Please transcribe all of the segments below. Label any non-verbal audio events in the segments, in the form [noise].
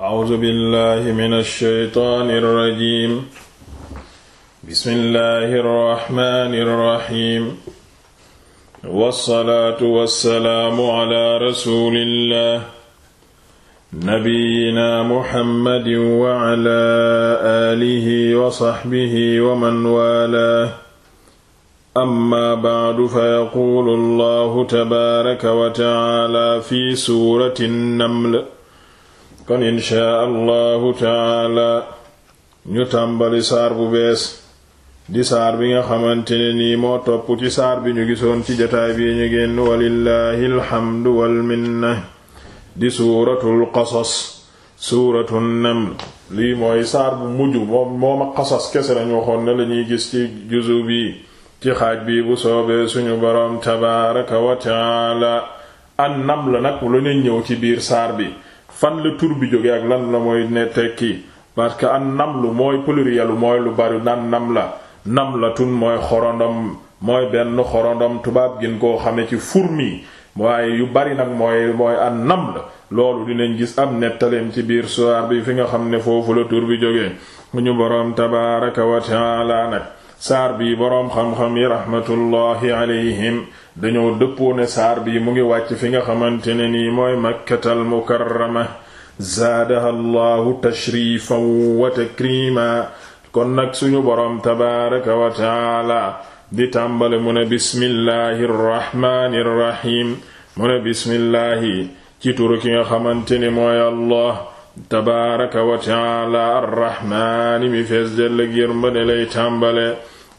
A'uuzu billahi mina shaytaani rajiim. Bismillahi rahmaani rahiim. Wassalaatu wassalaamu ala rasuulillah. Nabiyyina Muhammadin wa ala aalihi wa sahbihi wa man waalaahu. Amma ba'du fayaquulu Allahu tabaaraka wa ta'aala fi suurati Naml. kon inchaa allahu taala ñu tàmbali saar bu bees di saar bi nga xamante ne nii moo topp ci saar bi ñu gisoon ci jataay bi ñu génn walillahi alxamdu walminna di suuratul qasas suuratu naml lii mooy saar bu mujj moom moom a qasas kese lañu waxoon ne lañuy gis ci juzu bi ci xaaj bi bu soobee suñu boroom tabaaraka wa taala an naml nag lu ñu ñëw ci biir saar bi fan la tur bi jóge ak lan la mooy ne tekki parce que an nam lu mooy plurielu mooy lu bari nan nam la nam la tun mooy xorondom mooy benn xorondom tubaab gin koo xame ci fur mi waaye yu bari nag mooy mooy an nam la loolu dinañ gis am nettaleem ci biir soir bi fi nga xam ne foofu la tur bi jóge mu ñu boroom tabaaraka wa laa nag saar bii borom xam-xam yi raxmatullaahi alayhim dañoo dëppoo ne saar bii mu ngi wàcc fi nga xamante ne nii mooy makkatal mukarrama zaadaha llaahu tashrifan wa takrima kon nag suñu borom tabaaraka wa taala di tàmbale mu ne bismillaahi rrahmaani rrahiim mu ne bismillaahi ci turu ki nga xamante ni mooy allah tabaaraka wa taala arrahmaani mi fees dell ak yërmande lay tàmbale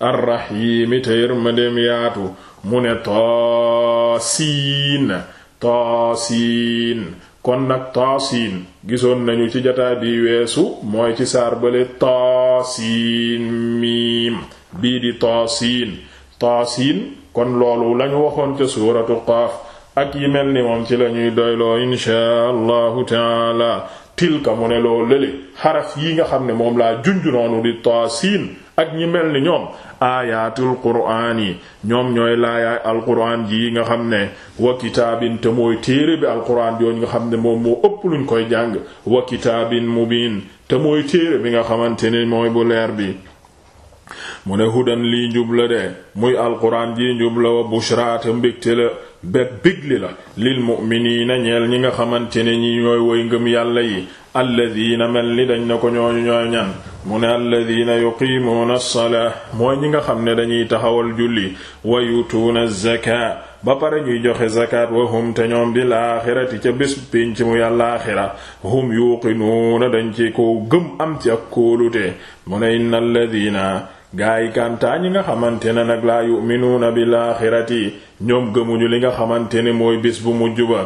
arrahiimi te yërmandeem yaatu mu ne toosiin toosiin kon nag toosiin gisoon nañu ci jataa bi weesu mooy ci saar bale toosiin miim bii di toosiin toosiin kon loolu lañu waxoon ca suuratu qaaf ak yi mel ni moom ci lañuy doyloo inshaa allahu taala tilka mu ne loo lële xaraf yi nga xam ne moom laa junju noonu di taasiin ak ñi mel ni ñoom ayatul quraan yi ñoom ñooy laayaay alquraan yi nga xam ne wa kitaabin te mooy téere bi alquraan yooyu nga xam ne moom moo ëpp luñ koy jàng wa kitaabin mubiin te mooy téere bi nga xamante ni mooy bu leer bi mu ne hudan lii njub de muy alquran jii njub la wa bushraata mbégte la bet bigli la lil mu'miniina ñeel ñi nga xamante ne ñi ñooy woy ngëm yàlla yi alladina mel ni dañ ne ko ñooñu ñooy ñan mu ne alladina yuqiimuuna as-salaa mooy ñi nga xam ne dañuy taxawal julli wa yutuuna zakaa ba pare ñuy joxe zakat wa hum te ñoom bil axirati ca bés pénc mu yàlla axira hum yuqinuuna dañ ci ko gëm am ci ak kóolute mu ne inna alladina gaa yi kàntaa ñi nga xamante ne nag laa yu'minuuna bil aaxirati ñoom gëmuñu li nga xamante ne mooy bis bu mujj ba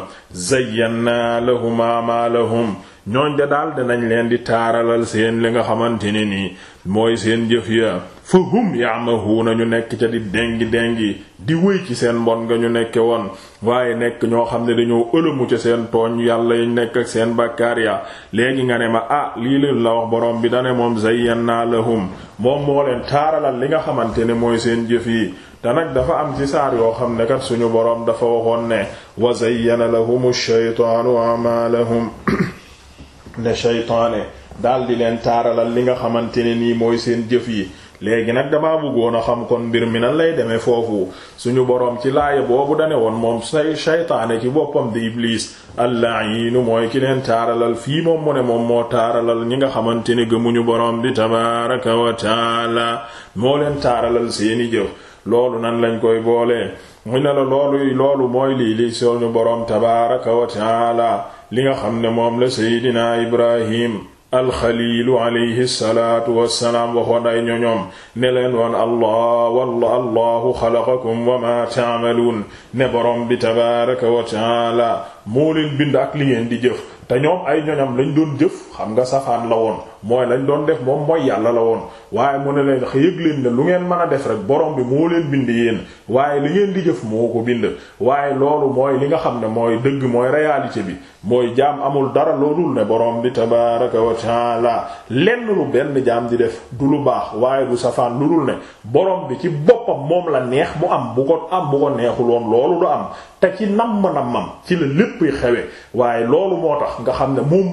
zayyanna lahum a'maalahum ñooñ ja daal dinañ leen di taaralal seen li nga xamante ne nii mooy seen jëf ya fa hum yaamahuuna ñu nekk ca di dengi déngi di wéy ci seen mbon nga ñu nekke woon waaye nekk ñoo xam ne dañoo ëlëmu ca seen tooñ yàlla yi nekk ak seen bàkkaar ya léegi nga ne ma ah lii leen la wax borom bi dane moom zayyannaa lahum moom moo leen taaralal li nga xamante ne mooy seen jëf yi te nag dafa am ci yoo xam ne kat suñu boroom dafa waxoon ne wa zayyana lahumu shaytaanu a'maalahum [coughs] ne seytaane daal di leen taaralal li nga xamante ne nii mooy seen jëf yi léegi nag dama bëggoon a xam kon mbir mi nan lay demee foofu suñu boroom ci laaya boobu dane woon moom say seytaane ki boppam di iblis allahiinu mooy ki leen taaralal fii moom mu ne moom moo taaralal ñi nga xamante ne gëmuñu boroom di tabaraka wa taala moo leen taaralal seeni jëf loolu nan lañ koy boolee mu ne la loolu loolu mooy lii li suñu boroom tabaraka wa li nga xam ne moom la seydinaa ibrahim alxaliilu alayhi salaatu wassalaam waxoon ay ñoñoom ne leen woon allah walla allahu xalaqakum wa ma taamaluun ne boroom bi tabaaraka wa taala moo leen bind ak li ngeen di jëf te ñoom ay ñoñam lañ doon jëf xam nga safaan la woon mooy lañ doon def moom mooy yàlla la woon waaye mu ne leen xa yëg leen ne lu ngeen mën a def rek borom bi moo leen bind yéen waaye li ngeen di jëf moo ko bind waaye loolu mooy li nga xam ne mooy dëgg mooy réalité bi mooy jaam amul dara loolul ne borom bi tabaraka wa taala lenn lu benn jaam di def du lu baax waaye du safaan lu dul bi ci boppam moom la neex mu am bu ko am bu ko du am te ci namm-nammam ci la lépp xewe waaye loolu moo tax tax nga xam ne moom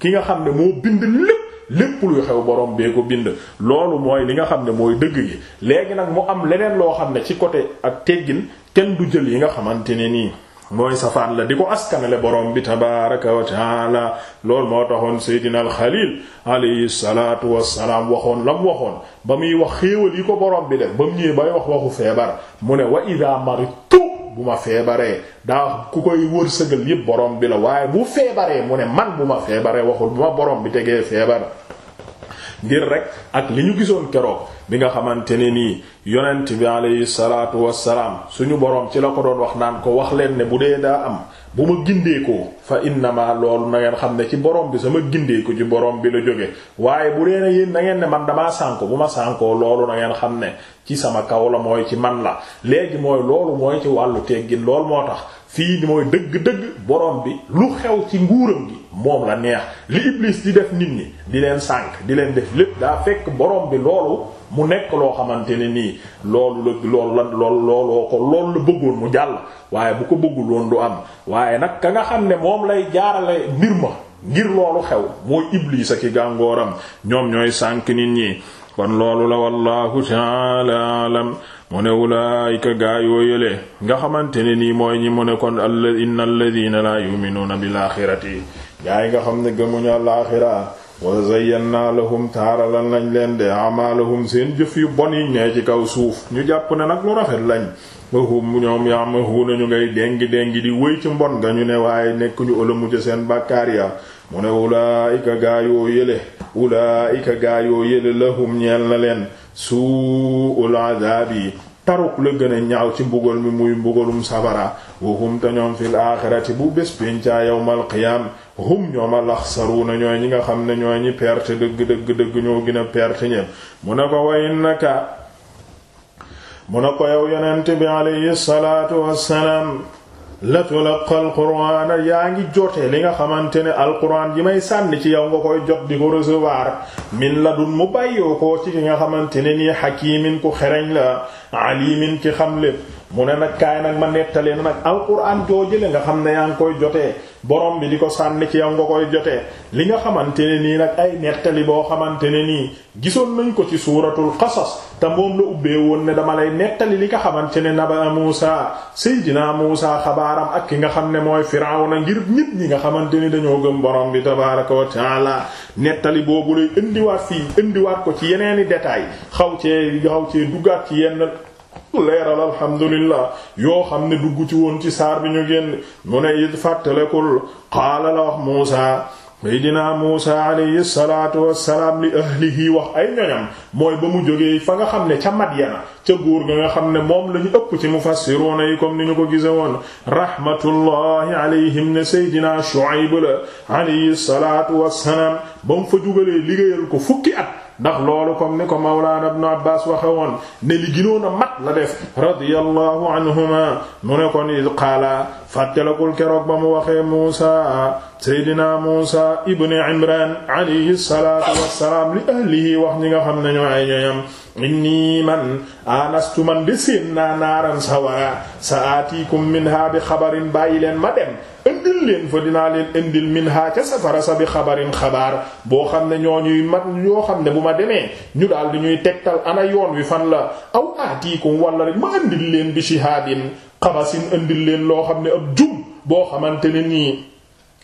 ki nga xam ne moo bind lépp lépp luy xew borom bee ko bind loolu mooy li nga xam ne mooy dëgg gi léegi nag mu am leneen loo xam ne ci côté ak teggin kenn du jël yi nga xamante ne nii mooy safaan la di ko askanale borom bi tabaraka wa taala loolu moo taxoon seydina alxalil alayhi salatu wasalaam waxoon lam waxoon ba muy wax xéewal yi ko borom bi def ba mu ñëwee bay wax waxu feebar mu ne wa ida maritu bu ma feebaree daa ku koy wërsëgal yépp borom bi la waaye bu feebaree mu ne man bu ma feebaree waxul bu ma borom bi tegee feebar ngir rek ak li ñu gisoon keroog bi nga xamante ne nii yonent bi alayhi salaatu salaam suñu boroom ci la ko doon wax naan ko wax leen ne bu dee daa am bu ma gindeekoo fa innama loolu na ngeen xam ne ci borom bi sama gindeeku ci borom bi la jóge waaye bu dee ne yéen na ngeen ne man damaa sànko bu ma sànkoo loolu na ngeen xam ne ci sama kaw la mooy ci man la léegi mooy loolu mooy ci wàllu teggin lool moo tax fii ni mooy dëgg-dëgg borom bi lu xew ci nguuram gi moom la neex li Iblis di def nit ñi di leen sànk di leen def lépp daa fekk borom bi loolu mu nekk loo xamante ne nii loolu lool loolu la lool looloo ko loolu la bëggoon mu jàll waaye bu ko bëggul woon du am waaye nag ka nga xam ne moom lay jaarale mbir ma ngir loolu xew mooy Iblis ak i gàngooram ñoom ñooy sànk nit ñi kon loolu la wallahu ta'ala alam mu ne ulaayika gaa yoo yële nga xamante ni nii mooy ñi mu ne kon alla inna alladina laa yuminuuna bil axirati gaa yi nga xam ne gëmuñu alaaxira wa zayyannaa lahum taaralal nañ leen de amaalahum seen jëf yu bon yi nee ci kaw suuf ñu jàpp ne nag lu rafet lañ mahum ñoom yaamahuuna ñu ngay déngi déngi di wéy ci mbon nga ñu ne waaye nekk ñu ëlëmu ci seen bàkkaar ya mu ne ulaayika gaa yoo yële ulaayika gaa yoo yële lahum ñeel na leen suul yi taruk la gën a ñaaw ci mbugal mi muy mbugalum sabara wahum te ñoom fil aaxirati bu bés pencaa yawmal qiyaam hum ñoom alaxsaruuna ñooy ñi nga xam ne ñooy ñi perte dëgg dëgg ñoo gën a perte ñépp mu ne ko wayin naka mu ne ko yow yonent bi alayhi salaatu wassalaam la tulaqa alqur'ana yaa ngi jotee li nga xamante ne alqur'an ji may sànni ci yow nga koy jot di ko recevoir min la dun mu bàyyoo ko ci ki nga xamante ne nii hakimin ku xereñ la alimin ki xam lépp mu ne nag kaay nag ma nettalee nag alquran joojële nga xam ne yaa ngi koy jotee borom bi di ko sànni ci yow nga koy jotee li nga xamante ne nii nag ay nettali boo xamante ne nii gisoon nañ ko ci suuratul qasas te moom la ubbee woon ne dama lay nettali li nga xamante ne naba Muusa Seydina Muusa xabaaram ak ki nga xam ne mooy na ngir nit ñi nga xamante ni dañoo gëm borom bi tabaaraka wa taala nettali boobu lay indiwaat fii indiwaat ko ci yeneeni détail xaw cee xaw ci duggaat ci yenn leeral alhamdulillah yoo xam ne dugg ci woon ci saar bi ñu génn mu ne it fàttalekul qaala la wax Muusa seydina Muusa alayhi salaatu wassalaam li ahlihi wax ay ñoñam mooy ba mu jógee fa nga xam ne ca Madyana ca góor ga nga xam ne moom lañu ëpp ci mufassiruuna yi comme ni ñu ko gise woon rahmatullahi alayhim ne seydina Shuayb la alayhi salaatu wassalaam ba mu fa jugalee liggéeyal ko fukki at ndax loolu comme ni ko mawlaana ibnu abbaas waxe woon ne li ginoon a mat la def radiyallahu anhuma mu ne kon id qaala fàttalakul keroog ba mu waxee muusa seydina muusa ibnu imran alayhi salaatu wassalaam li ahlihi wax ñi nga xam ne ñoo ay ñoñam inni man anastu man de seen naa naaran sawara sa aatikum minha bi xabarin bàyyi leen ma dem indil leen fa dinaa leen indil min ha ca safara sa bi xabarin xabaar boo xam ne ñoo ñuy mat ñoo xam ne bu ma demee ñu daal di ñuy tegtal ana yoon wi fan la aw aatiikum wala rek ma indil leen bi shihaabin xabasin indil leen loo xam ne ab jum boo xamante ne nii.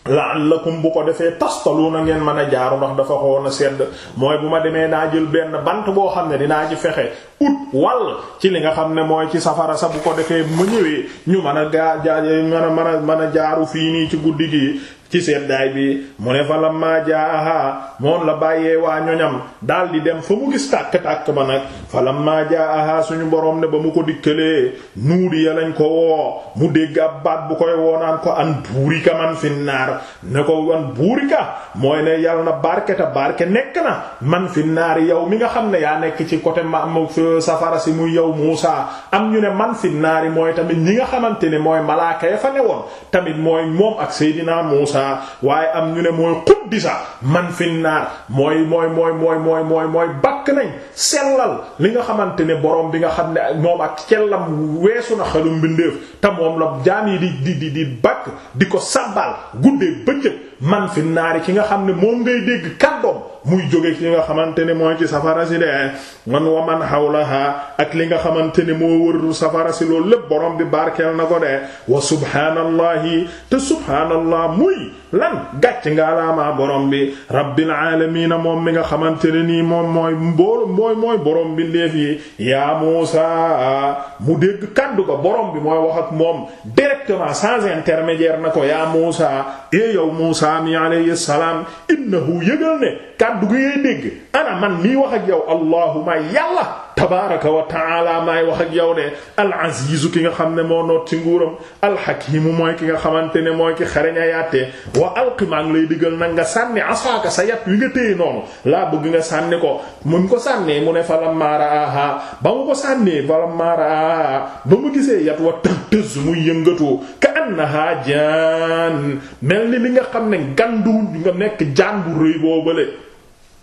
la'allakum bu ko defee tastalu na ngeen mën a jaaru ndax dafa xoon a sedd mooy bu ma demee naa jël benn bant boo xam ne dinaa ci fexe ut wàll ci li nga xam ne mooy ci safara sa bu ko defee mu ñëwee ñu man a gaa ja mën a man a mën a jaaru fii nii ci guddi gi ci seddaay bi mu ne fa la maa jaaha moom la bàyyee waa ñoñam daal di dem fa mu gis tàkk-tàkk ma nag fa la maa jaaha suñu borom ne ba mu ko dikkalee nuudi ya lañ ko woo mu dégg ab baat bu koy woonaan ko an buurika man fi naar ne ko an buurika mooy ne yàlla na barke ta nekk na man fi naar mi nga xam ne yaa safara si muy yow Muusa am ñu ne man fi yi mooy tamit ñi nga xamante ne mooy malaaka ya fa woon tamit mooy moom ak Seydina Muusa waaye am ñu ne mooy quddisa man fi naar mooy mooy mooy mooy mooy mooy mooy bakk nañ sellal li nga xamante ne boroom bi nga xam ne moom ak cellam weesu na xelu mbindeef te moom la jaan yi di di di bakk di ko sabbal guddee bëccëg man fi naari ki nga xam ne moom ngay dégg kan muy joge ki nga xamante ne mooy ci safara si de man wa man hawlaha ak li nga xamante ne moo wër safara si loolu lépp borom bi barkeel na ko de wa subhaanallahi te subhaanallah muy lan gàcc nga laamaa borom bi rabbil aalamiina moom mi nga xamante ne nii moom mooy mbool mooy mooy borom bi ndeef yi yaa Muusaa mu dégg kaddu ko borom bi mooy wax ak moom directement sans intermédiaire na ko yaa Muusaa e yow Muusaa mi alayhi salaam innahu ne kaddu kàddu gi dégg ana man mii wax ak yow allahuma yàlla tabaraka wa taala maay wax ak yow de al azizu ki nga xam ne moo noot ci nguuram al hakimu mooy ki nga xamante ne mooy ki xarañ a yaatee wa alqi lay digal nag nga sànni asaaka sa yat wi nga téye noonu laa bëgg nga sànni ko mu ko sànnee mu ne fa la maaraaha ba mu ko sànnee fa la maaraaha ba mu gisee yat wa tëg tës muy yëngatu ka annaha jaan mel ni li nga xam ne gandu nga nekk jaan bu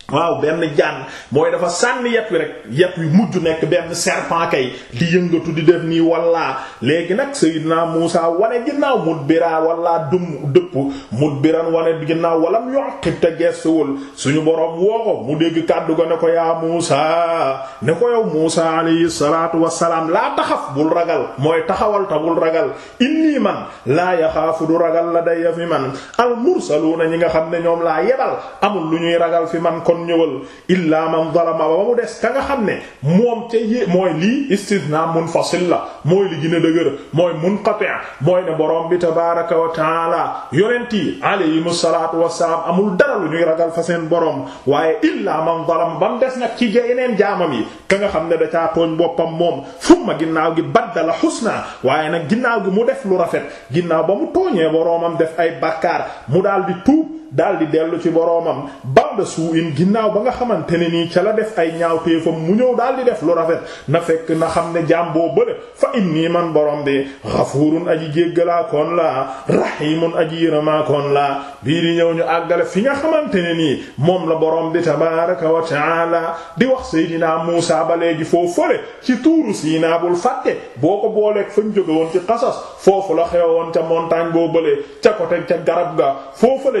waaw benn jaan mooy dafa sànni yet wi rek yet wi mujj nekk benn serpent kay di yëngatu di def nii walla léegi nag Seydina Muusa wane ginnaaw mudbira walla dum dëpp mudbiran wane ginnaaw walam yuqib te gestuwul suñu boroom woo ko mu dégg kàddu ga ne ko yaa Muusa ne ko yow Muusa alayhi salaatu wassalaam laa taxaf bul ragal mooy taxawal ta ragal inni man laa yaxaafu du ragal la day fi man al mursaluuna ñi nga xam ne ñoom laa yebal amul kon ñëwal illaa man zalama ba mu des ka ne moom ca yé mooy lii istithna munfasil la mooy li gën a dëgër mooy munqati' mooy ne borom bi tabaaraka wa taala yonent yi alayhimu salaatu wassalaam amul dara lu ñuy ragal fa seen borom waaye illaa man zalama ba mu des nag ci yeneen jaamam yi ka nga xam ne da caa tooñ boppam moom ma ginnaaw gi baddala husna waaye nag ginnaaw gi mu def lu rafet ginnaaw ba mu tooñee boromam def ay bakkaar mu daal di tuub daal di dellu ci boroomam banda suu in ginnaaw ba nga xamante ne nii ca la def ay ñaawteefam mu ñëw daal di def lu rafet na fekk na xam ne jaam boo bële fa inni man boroom bi xafuurun aji jéggalaa koon laa rahimun aji yërëmaa koon bii di ñëw ñu àggale fi nga xamante ne nii moom la borom bi tabaraka wa taala di wax seydinaa Muusaa ba léegi foofu fële ci tuuru Siinaa bul fàtte boo ko booleeg fañ jóge woon ci xasas foofu la xewoon ca montagne boo bële ca côté ca garab ga foofu la